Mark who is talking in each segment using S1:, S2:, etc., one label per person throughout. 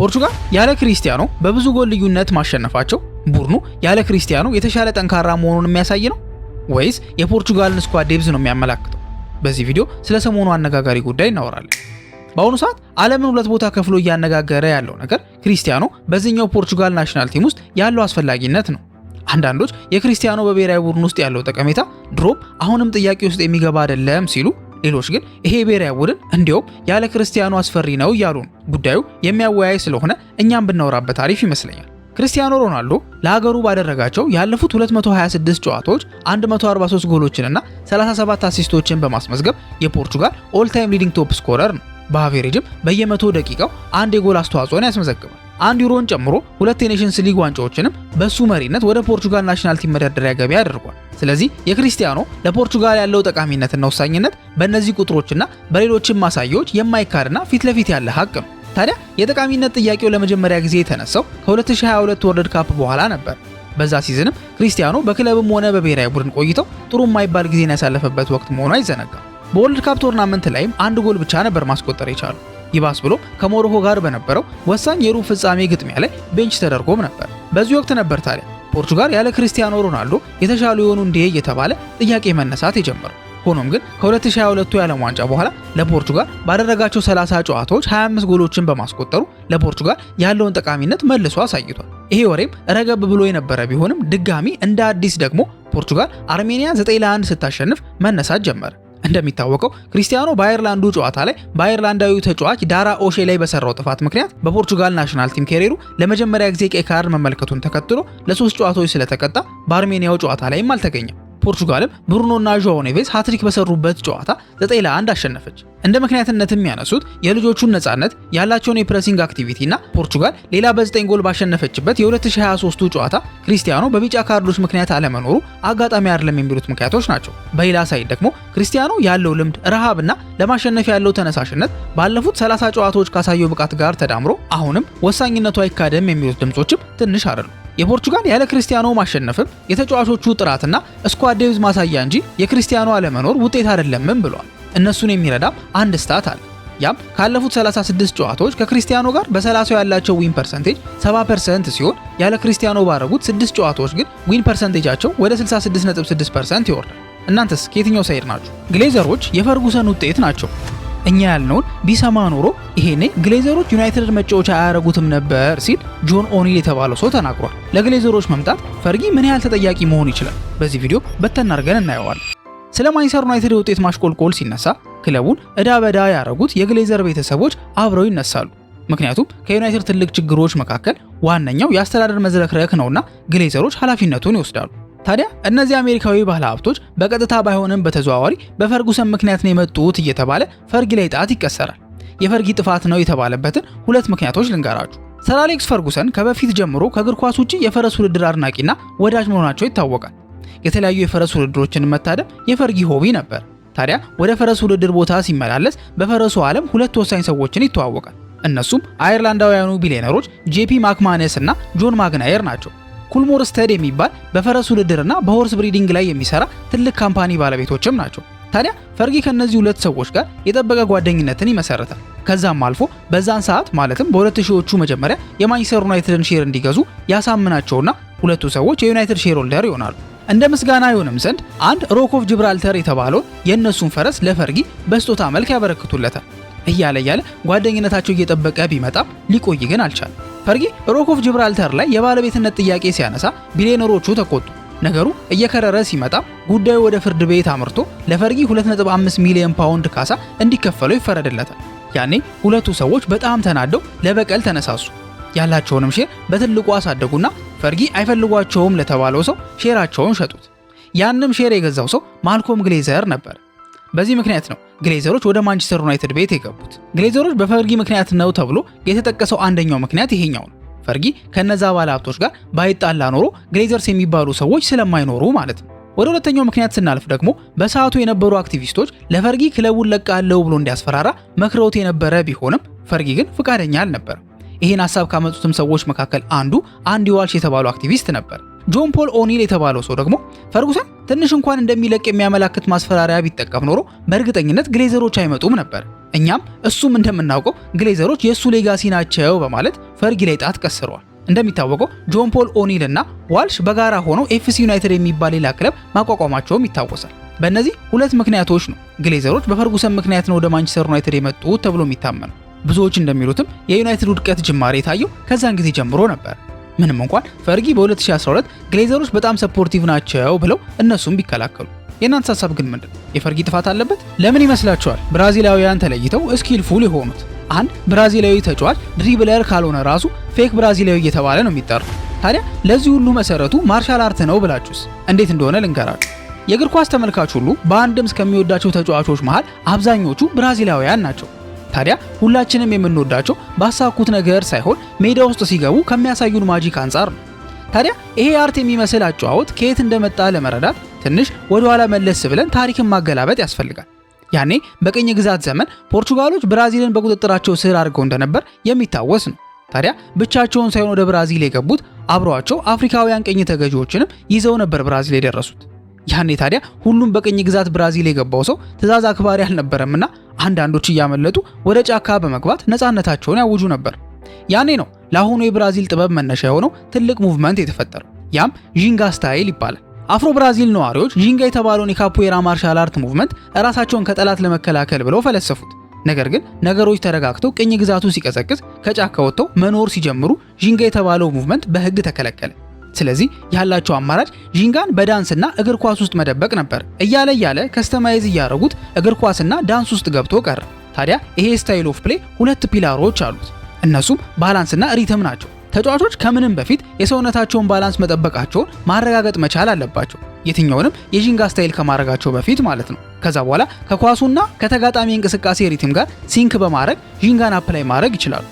S1: ፖርቹጋል ያለ ክርስቲያኖ በብዙ ጎል ልዩነት ማሸነፋቸው ቡድኑ ያለ ክርስቲያኖ የተሻለ ጠንካራ መሆኑን የሚያሳይ ነው ወይስ የፖርቹጋልን ስኳድ ዴብዝ ነው የሚያመላክተው? በዚህ ቪዲዮ ስለ ሰሞኑ አነጋጋሪ ጉዳይ እናወራለን። በአሁኑ ሰዓት ዓለምን ሁለት ቦታ ከፍሎ እያነጋገረ ያለው ነገር ክርስቲያኖ በዚህኛው ፖርቹጋል ናሽናል ቲም ውስጥ ያለው አስፈላጊነት ነው። አንዳንዶች የክርስቲያኖ በብሔራዊ ቡድን ውስጥ ያለው ጠቀሜታ ድሮም አሁንም ጥያቄ ውስጥ የሚገባ አይደለም ሲሉ ሌሎች ግን ይሄ ብሔራዊ ቡድን እንዲያውም ያለ ክርስቲያኑ አስፈሪ ነው እያሉ ነው። ጉዳዩ የሚያወያይ ስለሆነ እኛም ብናወራበት አሪፍ ይመስለኛል። ክርስቲያኖ ሮናልዶ ለሀገሩ ባደረጋቸው ያለፉት 226 ጨዋታዎች 143 ጎሎችንና 37 አሲስቶችን በማስመዝገብ የፖርቹጋል ኦልታይም ሊዲንግ ቶፕ ስኮረር ነው። በአቬሬጅም በየመቶ ደቂቃው አንድ የጎል አስተዋጽኦን ያስመዘግባል። አንድ ዩሮን ጨምሮ ሁለት የኔሽንስ ሊግ ዋንጫዎችንም በሱ መሪነት ወደ ፖርቹጋል ናሽናል ቲም መደርደሪያ ገበያ አድርጓል። ስለዚህ የክርስቲያኖ ለፖርቹጋል ያለው ጠቃሚነትና ወሳኝነት በእነዚህ ቁጥሮችና በሌሎችም ማሳያዎች የማይካድና ፊት ለፊት ያለ ሀቅ ነው። ታዲያ የጠቃሚነት ጥያቄው ለመጀመሪያ ጊዜ የተነሳው ከ2022 ወርልድ ካፕ በኋላ ነበር። በዛ ሲዝንም ክሪስቲያኖ በክለብም ሆነ በብሔራዊ ቡድን ቆይተው ጥሩ የማይባል ጊዜን ያሳለፈበት ወቅት መሆኑ አይዘነጋም። በወርልድ ካፕ ቶርናመንት ላይም አንድ ጎል ብቻ ነበር ማስቆጠር የቻሉ። ይባስ ብሎ ከሞሮኮ ጋር በነበረው ወሳኝ የሩብ ፍጻሜ ግጥሚያ ላይ ቤንች ተደርጎም ነበር። በዚህ ወቅት ነበር ታዲያ ፖርቹጋል ያለ ክርስቲያኖ ሮናልዶ የተሻሉ የሆኑ እንዲህ እየተባለ ጥያቄ መነሳት የጀመረው። ሆኖም ግን ከ2022 የዓለም ዋንጫ በኋላ ለፖርቹጋል ባደረጋቸው 30 ጨዋታዎች 25 ጎሎችን በማስቆጠሩ ለፖርቹጋል ያለውን ጠቃሚነት መልሶ አሳይቷል። ይሄ ወሬም ረገብ ብሎ የነበረ ቢሆንም ድጋሚ እንደ አዲስ ደግሞ ፖርቹጋል አርሜኒያ 9 ለ1 ስታሸንፍ መነሳት ጀመረ። እንደሚታወቀው ክሪስቲያኖ በአየርላንዱ ጨዋታ ላይ በአየርላንዳዊ ተጫዋች ዳራ ኦሼ ላይ በሰራው ጥፋት ምክንያት በፖርቹጋል ናሽናል ቲም ኬሬሩ ለመጀመሪያ ጊዜ ቀይ ካርድ መመልከቱን ተከትሎ ለሶስት ጨዋታዎች ስለተቀጣ በአርሜኒያው ጨዋታ ላይም አልተገኘም። ፖርቹጋልም ብሩኖና ዦኦ ኔቬዝ ሃትሪክ በሰሩበት ጨዋታ 9 ለ1 አሸነፈች። እንደ ምክንያትነት የሚያነሱት የልጆቹን ነፃነት፣ ያላቸውን የፕሬሲንግ አክቲቪቲ እና ፖርቹጋል ሌላ በ9 ጎል ባሸነፈችበት የ2023ቱ ጨዋታ ክሪስቲያኖ በቢጫ ካርዶች ምክንያት አለመኖሩ አጋጣሚ አይደለም የሚሉት ምክንያቶች ናቸው። በሌላ ሳይድ ደግሞ ክሪስቲያኖ ያለው ልምድ ረሃብና ለማሸነፍ ያለው ተነሳሽነት ባለፉት 30 ጨዋታዎች ካሳየው ብቃት ጋር ተዳምሮ አሁንም ወሳኝነቱ አይካደም የሚሉት ድምፆችም ትንሽ አይደሉም። የፖርቹጋል ያለ ክርስቲያኖ ማሸነፍም የተጫዋቾቹ ጥራትና ስኳድ ዴብዝ ማሳያ እንጂ የክርስቲያኖ አለመኖር ውጤት አይደለምም ብሏል። እነሱን የሚረዳም አንድ ስታት አለ። ያም ካለፉት 36 ጨዋታዎች ከክርስቲያኖ ጋር በ30 ያላቸው ዊን ፐርሰንቴጅ 70% ሲሆን ያለ ክርስቲያኖ ባረጉት 6 ጨዋታዎች ግን ዊን ፐርሰንቴጃቸው ወደ 66.6% ይወርዳል። እናንተስ ከየትኛው ሳይድ ናችሁ? ግሌዘሮች የፈርጉሰን ውጤት ናቸው። እኛ ያልነውን ቢሰማ ኖሮ ይሄኔ ግሌዘሮች ዩናይትድ መጫወቻ አያደረጉትም ነበር ሲል ጆን ኦኒል የተባለው ሰው ተናግሯል። ለግሌዘሮች መምጣት ፈርጊ ምን ያህል ተጠያቂ መሆን ይችላል? በዚህ ቪዲዮ በተን አድርገን እናየዋለን። ስለ ማንችስተር ዩናይትድ ውጤት ማሽቆልቆል ሲነሳ ክለቡን እዳ በዳ ያረጉት የግሌዘር ቤተሰቦች አብረው ይነሳሉ። ምክንያቱም ከዩናይትድ ትልቅ ችግሮች መካከል ዋነኛው የአስተዳደር መዝረክረክ ነውና ግሌዘሮች ኃላፊነቱን ይወስዳሉ። ታዲያ እነዚህ አሜሪካዊ ባለ ሀብቶች በቀጥታ ባይሆንም በተዘዋዋሪ በፈርጉሰን ምክንያት ነው የመጡት እየተባለ ፈርጊ ላይ ጣት ይቀሰራል። የፈርጊ ጥፋት ነው የተባለበትን ሁለት ምክንያቶች ልንገራችሁ። ሰር አሌክስ ፈርጉሰን ከበፊት ጀምሮ ከእግር ኳስ ውጭ የፈረስ ውድድር አድናቂና ወዳጅ መሆናቸው ይታወቃል። የተለያዩ የፈረስ ውድድሮችን መታደም የፈርጊ ሆቢ ነበር። ታዲያ ወደ ፈረስ ውድድር ቦታ ሲመላለስ በፈረሱ ዓለም ሁለት ወሳኝ ሰዎችን ይተዋወቃል። እነሱም አየርላንዳውያኑ ቢሊዮነሮች ጄፒ ማክማነስ እና ጆን ማግናየር ናቸው። ኩልሞር ስተድ የሚባል በፈረስ ውድድርና በሆርስ ብሪዲንግ ላይ የሚሰራ ትልቅ ካምፓኒ ባለቤቶችም ናቸው። ታዲያ ፈርጊ ከእነዚህ ሁለት ሰዎች ጋር የጠበቀ ጓደኝነትን ይመሰርታል። ከዛም አልፎ በዛን ሰዓት ማለትም በሁለት ሺዎቹ መጀመሪያ የማንችስተር ዩናይትድን ሼር እንዲገዙ ያሳምናቸውና ሁለቱ ሰዎች የዩናይትድ ሼር ሆልደር ይሆናሉ። እንደ ምስጋና ይሆንም ዘንድ አንድ ሮክ ኦፍ ጅብራልተር የተባለውን የእነሱን ፈረስ ለፈርጊ በስጦታ መልክ ያበረክቱለታል። እያለ እያለ ጓደኝነታቸው እየጠበቀ ቢመጣም ሊቆይ ግን አልቻለም። ፈርጊ ሮክ ኦፍ ጅብራልተር ላይ የባለቤትነት ጥያቄ ሲያነሳ ቢሊዮነሮቹ ተቆጡ። ነገሩ እየከረረ ሲመጣ ጉዳዩ ወደ ፍርድ ቤት አምርቶ ለፈርጊ 2.5 ሚሊዮን ፓውንድ ካሳ እንዲከፈለው ይፈረድለታል። ያኔ ሁለቱ ሰዎች በጣም ተናደው ለበቀል ተነሳሱ። ያላቸውንም ሼር በትልቁ አሳደጉና ፈርጊ አይፈልጓቸውም ለተባለው ሰው ሼራቸውን ሸጡት። ያንም ሼር የገዛው ሰው ማልኮም ግሌዘር ነበር። በዚህ ምክንያት ነው ግሌዘሮች ወደ ማንቸስተር ዩናይትድ ቤት የገቡት። ግሌዘሮች በፈርጊ ምክንያት ነው ተብሎ የተጠቀሰው አንደኛው ምክንያት ይሄኛው ነው። ፈርጊ ከነዛ ባለ ሀብቶች ጋር ባይጣላ ኖሮ ግሌዘርስ የሚባሉ ሰዎች ስለማይኖሩ ማለት ነው። ወደ ሁለተኛው ምክንያት ስናልፍ ደግሞ በሰዓቱ የነበሩ አክቲቪስቶች ለፈርጊ ክለቡን ለቃለው ብሎ እንዲያስፈራራ መክረውት የነበረ ቢሆንም ፈርጊ ግን ፍቃደኛ አልነበር። ይህን ሀሳብ ካመጡትም ሰዎች መካከል አንዱ አንዲ ዋልሽ የተባሉ አክቲቪስት ነበር። ጆን ፖል ኦኒል የተባለው ሰው ደግሞ ፈርጉሰን ትንሽ እንኳን እንደሚለቅ የሚያመላክት ማስፈራሪያ ቢጠቀም ኖሮ በእርግጠኝነት ግሌዘሮች አይመጡም ነበር፣ እኛም እሱም እንደምናውቀው ግሌዘሮች የእሱ ሌጋሲ ናቸው በማለት ፈርጊ ላይ ጣት ቀስረዋል። እንደሚታወቀው ጆን ፖል ኦኒል እና ዋልሽ በጋራ ሆነው ኤፍሲ ዩናይትድ የሚባል ሌላ ክለብ ማቋቋማቸውም ይታወሳል። በእነዚህ ሁለት ምክንያቶች ነው ግሌዘሮች በፈርጉሰን ምክንያት ነው ወደ ማንቸስተር ዩናይትድ የመጡት ተብሎ የሚታመነው። ብዙዎች እንደሚሉትም የዩናይትድ ውድቀት ጅማሬ የታየው ከዛን ጊዜ ጀምሮ ነበር። ምንም እንኳን ፈርጊ በ2012 ግሌዘሮች በጣም ሰፖርቲቭ ናቸው ብለው እነሱም ቢከላከሉ የእናንተ ሀሳብ ግን ምንድን ነው? የፈርጊ ጥፋት አለበት? ለምን ይመስላችኋል ብራዚላውያን ተለይተው ስኪልፉል የሆኑት? አንድ ብራዚላዊ ተጫዋች ድሪብለር ካልሆነ ራሱ ፌክ ብራዚላዊ እየተባለ ነው የሚጠራው። ታዲያ ለዚህ ሁሉ መሰረቱ ማርሻል አርት ነው ብላችሁስ እንዴት እንደሆነ ልንገራችሁ። የእግር ኳስ ተመልካች ሁሉ በአንድም ከሚወዳቸው ተጫዋቾች መሃል አብዛኞቹ ብራዚላውያን ናቸው። ታዲያ ሁላችንም የምንወዳቸው ባሳኩት ነገር ሳይሆን ሜዳ ውስጥ ሲገቡ ከሚያሳዩን ማጂክ አንጻር ነው። ታዲያ ይሄ አርት የሚመስል አጨዋወት ከየት እንደመጣ ለመረዳት ትንሽ ወደኋላ መለስ ብለን ታሪክን ማገላበጥ ያስፈልጋል። ያኔ በቅኝ ግዛት ዘመን ፖርቹጋሎች ብራዚልን በቁጥጥራቸው ስር አድርገው እንደነበር የሚታወስ ነው። ታዲያ ብቻቸውን ሳይሆን ወደ ብራዚል የገቡት አብረዋቸው አፍሪካውያን ቅኝ ተገዢዎችንም ይዘው ነበር ብራዚል የደረሱት። ያኔ ታዲያ ሁሉም በቅኝ ግዛት ብራዚል የገባው ሰው ትእዛዝ አክባሪ አልነበረምና አንዳንዶች እያመለጡ ወደ ጫካ በመግባት ነፃነታቸውን ያውጁ ነበር። ያኔ ነው ለአሁኑ የብራዚል ጥበብ መነሻ የሆነው ትልቅ ሙቭመንት የተፈጠረው። ያም ዥንጋ ስታይል ይባላል። አፍሮ ብራዚል ነዋሪዎች ዥንጋ የተባለውን የካፖራ ማርሻል አርት ሙቭመንት እራሳቸውን ከጠላት ለመከላከል ብለው ፈለሰፉት። ነገር ግን ነገሮች ተረጋግተው ቅኝ ግዛቱ ሲቀዘቅዝ ከጫካ ወጥተው መኖር ሲጀምሩ ዥንጋ የተባለው ሙቭመንት በህግ ተከለከለ። ስለዚህ ያላቸው አማራጭ ዥንጋን በዳንስና እግር ኳስ ውስጥ መደበቅ ነበር። እያለ እያለ ከስተማይዝ እያደረጉት እግር ኳስና ዳንስ ውስጥ ገብቶ ቀረ። ታዲያ ይሄ ስታይል ኦፍ ፕሌ ሁለት ፒላሮች አሉት። እነሱም ባላንስና ሪትም ናቸው። ተጫዋቾች ከምንም በፊት የሰውነታቸውን ባላንስ መጠበቃቸውን ማረጋገጥ መቻል አለባቸው። የትኛውንም የዥንጋ ስታይል ከማድረጋቸው በፊት ማለት ነው። ከዛ በኋላ ከኳሱና ከተጋጣሚ እንቅስቃሴ ሪትም ጋር ሲንክ በማድረግ ዥንጋን አፕላይ ማድረግ ይችላሉ።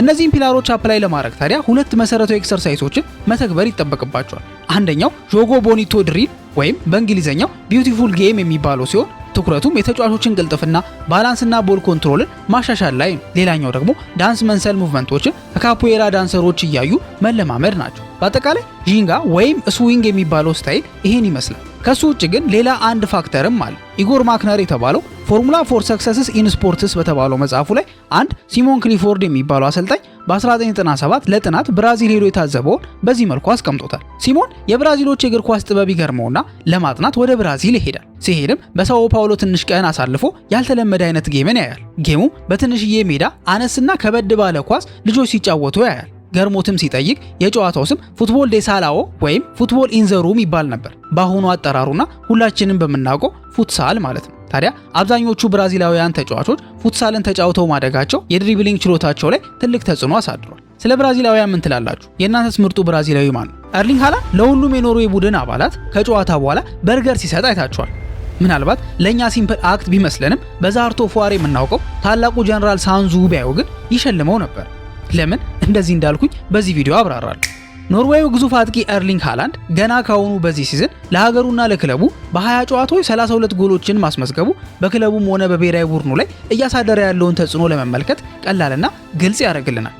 S1: እነዚህን ፒላሮች አፕላይ ለማድረግ ታዲያ ሁለት መሰረታዊ ኤክሰርሳይሶችን መተግበር ይጠበቅባቸዋል። አንደኛው ጆጎ ቦኒቶ ድሪል ወይም በእንግሊዝኛው ቢዩቲፉል ጌም የሚባለው ሲሆን ትኩረቱም የተጫዋቾችን ቅልጥፍና ባላንስና ቦል ኮንትሮልን ማሻሻል ላይ ነው። ሌላኛው ደግሞ ዳንስ መንሰል ሙቭመንቶችን ከካፖዌራ ዳንሰሮች እያዩ መለማመድ ናቸው። በአጠቃላይ ዢንጋ ወይም ስዊንግ የሚባለው ስታይል ይሄን ይመስላል። ከሱ ውጭ ግን ሌላ አንድ ፋክተርም አለ። ኢጎር ማክነር የተባለው ፎርሙላ ፎር ሰክሰስስ ኢን ስፖርትስ በተባለው መጽሐፉ ላይ አንድ ሲሞን ክሊፎርድ የሚባለው አሰልጣኝ በ1997 ለጥናት ብራዚል ሄዶ የታዘበውን በዚህ መልኩ አስቀምጦታል። ሲሞን የብራዚሎች የእግር ኳስ ጥበብ ይገርመውና ለማጥናት ወደ ብራዚል ይሄዳል። ሲሄድም በሳኦ ፓውሎ ትንሽ ቀን አሳልፎ ያልተለመደ አይነት ጌምን ያያል። ጌሙ በትንሽዬ ሜዳ አነስና ከበድ ባለ ኳስ ልጆች ሲጫወቱ ያያል። ገርሞትም ሲጠይቅ የጨዋታው ስም ፉትቦል ዴሳላዎ ወይም ፉትቦል ኢንዘሩም ይባል ነበር፣ በአሁኑ አጠራሩና ሁላችንም በምናውቀው ፉትሳል ማለት ነው። ታዲያ አብዛኞቹ ብራዚላውያን ተጫዋቾች ፉትሳልን ተጫውተው ማደጋቸው የድሪብሊንግ ችሎታቸው ላይ ትልቅ ተጽዕኖ አሳድሯል። ስለ ብራዚላውያን ምን ትላላችሁ? የእናንተስ ምርጡ ብራዚላዊ ማን ነው? ኤርሊንግ ሃላንድ ለሁሉም የኖርዌይ ቡድን አባላት ከጨዋታ በኋላ በርገር ሲሰጥ አይታችኋል። ምናልባት ለእኛ ሲምፕል አክት ቢመስለንም በዛርቶ ፏር የምናውቀው ታላቁ ጀነራል ሳንዙ ቢያዩ ግን ይሸልመው ነበር። ለምን እንደዚህ እንዳልኩኝ በዚህ ቪዲዮ አብራራለሁ። ኖርዌዩ ግዙፍ አጥቂ ኤርሊንግ ሃላንድ ገና ካሁኑ በዚህ ሲዝን ለሀገሩና ለክለቡ በ20 ጨዋታዎች 32 ጎሎችን ማስመዝገቡ በክለቡም ሆነ በብሔራዊ ቡድኑ ላይ እያሳደረ ያለውን ተጽዕኖ ለመመልከት ቀላልና ግልጽ ያደርግልናል።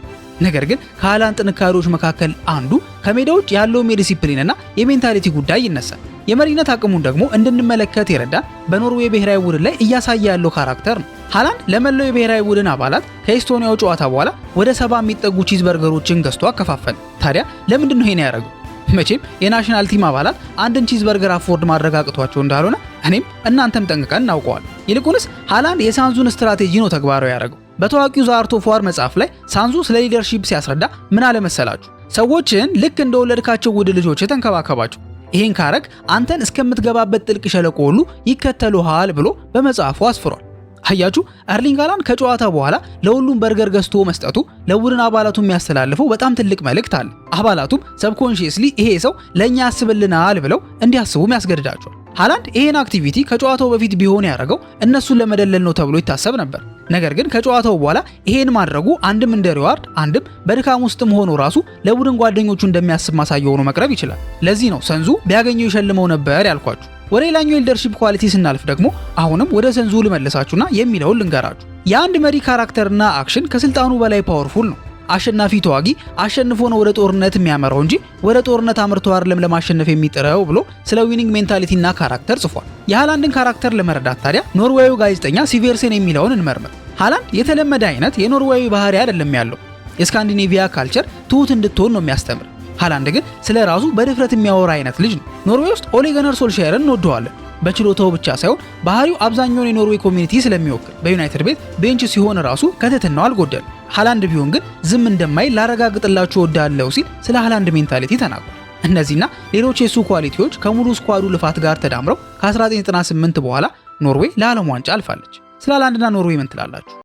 S1: ነገር ግን ከሃላንድ ጥንካሬዎች መካከል አንዱ ከሜዳ ውጭ ያለው የዲሲፕሊንና የሜንታሊቲ ጉዳይ ይነሳል። የመሪነት አቅሙን ደግሞ እንድንመለከት የረዳን በኖርዌይ ብሔራዊ ቡድን ላይ እያሳየ ያለው ካራክተር ነው። ሃላንድ ለመላው የብሔራዊ ቡድን አባላት ከኤስቶኒያው ጨዋታ በኋላ ወደ ሰባ የሚጠጉ ቺዝ በርገሮችን ገዝቶ አከፋፈለ። ታዲያ ለምንድን ነው ይሄን ያደረገው? መቼም የናሽናል ቲም አባላት አንድን ቺዝ በርገር አፎርድ ማድረግ አቅቷቸው እንዳልሆነ እኔም እናንተም ጠንቅቀን እናውቀዋል። ይልቁንስ ሃላንድ የሳንዙን ስትራቴጂ ነው ተግባራዊ ያደረገው። በታዋቂው ዛርቶ ፏር መጽሐፍ ላይ ሳንዙ ስለ ሊደርሺፕ ሲያስረዳ ምን አለመሰላችሁ? ሰዎችን ልክ እንደወለድካቸው ውድ ልጆች ተንከባከባቸው ይህን ካረግ አንተን እስከምትገባበት ጥልቅ ሸለቆ ሁሉ ይከተሉሃል ብሎ በመጽሐፉ አስፍሯል። አያችሁ አርሊንግ ሃላንድ ከጨዋታ በኋላ ለሁሉም በርገር ገዝቶ መስጠቱ ለቡድን አባላቱ የሚያስተላልፈው በጣም ትልቅ መልእክት አለ። አባላቱም ሰብኮንሺየስሊ ይሄ ሰው ለእኛ ያስብልናል ብለው እንዲያስቡም ያስገድዳቸዋል። ሃላንድ ይሄን አክቲቪቲ ከጨዋታው በፊት ቢሆን ያደረገው እነሱን ለመደለል ነው ተብሎ ይታሰብ ነበር። ነገር ግን ከጨዋታው በኋላ ይሄን ማድረጉ አንድም እንደ ሪዋርድ አንድም በድካም ውስጥም ሆኖ ራሱ ለቡድን ጓደኞቹ እንደሚያስብ ማሳያ ሆኖ መቅረብ ይችላል። ለዚህ ነው ሰንዙ ቢያገኘው ይሸልመው ነበር ያልኳችሁ። ወደ ሌላኛው ሊደርሺፕ ኳሊቲ ስናልፍ ደግሞ አሁንም ወደ ሰንዙ ልመልሳችሁና የሚለውን ልንገራችሁ። የአንድ መሪ ካራክተርና አክሽን ከስልጣኑ በላይ ፓወርፉል ነው። አሸናፊ ተዋጊ አሸንፎ ነው ወደ ጦርነት የሚያመራው እንጂ ወደ ጦርነት አምርቶ አይደለም ለማሸነፍ የሚጥረው ብሎ ስለ ዊኒንግ ሜንታሊቲና ካራክተር ጽፏል። የሃላንድን ካራክተር ለመረዳት ታዲያ ኖርዌዩ ጋዜጠኛ ሲቬርሴን የሚለውን እንመርምር። ሃላንድ የተለመደ አይነት የኖርዌዩ ባህሪ አይደለም ያለው። የስካንዲኔቪያ ካልቸር ትሁት እንድትሆን ነው የሚያስተምር። ሃላንድ ግን ስለ ራሱ በድፍረት የሚያወራ አይነት ልጅ ነው። ኖርዌይ ውስጥ ኦሌ ጉናር ሶልሻየርን እንወደዋለን። በችሎታው ብቻ ሳይሆን ባህሪው አብዛኛውን የኖርዌይ ኮሚኒቲ ስለሚወክል በዩናይትድ ቤት ቤንች ሲሆን ራሱ ከትህትናው አልጎደል። ሃላንድ ቢሆን ግን ዝም እንደማይ ላረጋግጥላችሁ ወዳለው ሲል ስለ ሃላንድ ሜንታሊቲ ተናግሯል። እነዚህና ሌሎች የሱ ኳሊቲዎች ከሙሉ ስኳዱ ልፋት ጋር ተዳምረው ከ1998 በኋላ ኖርዌይ ለዓለም ዋንጫ አልፋለች። ስለ ሃላንድና ኖርዌይ ምን ትላላችሁ?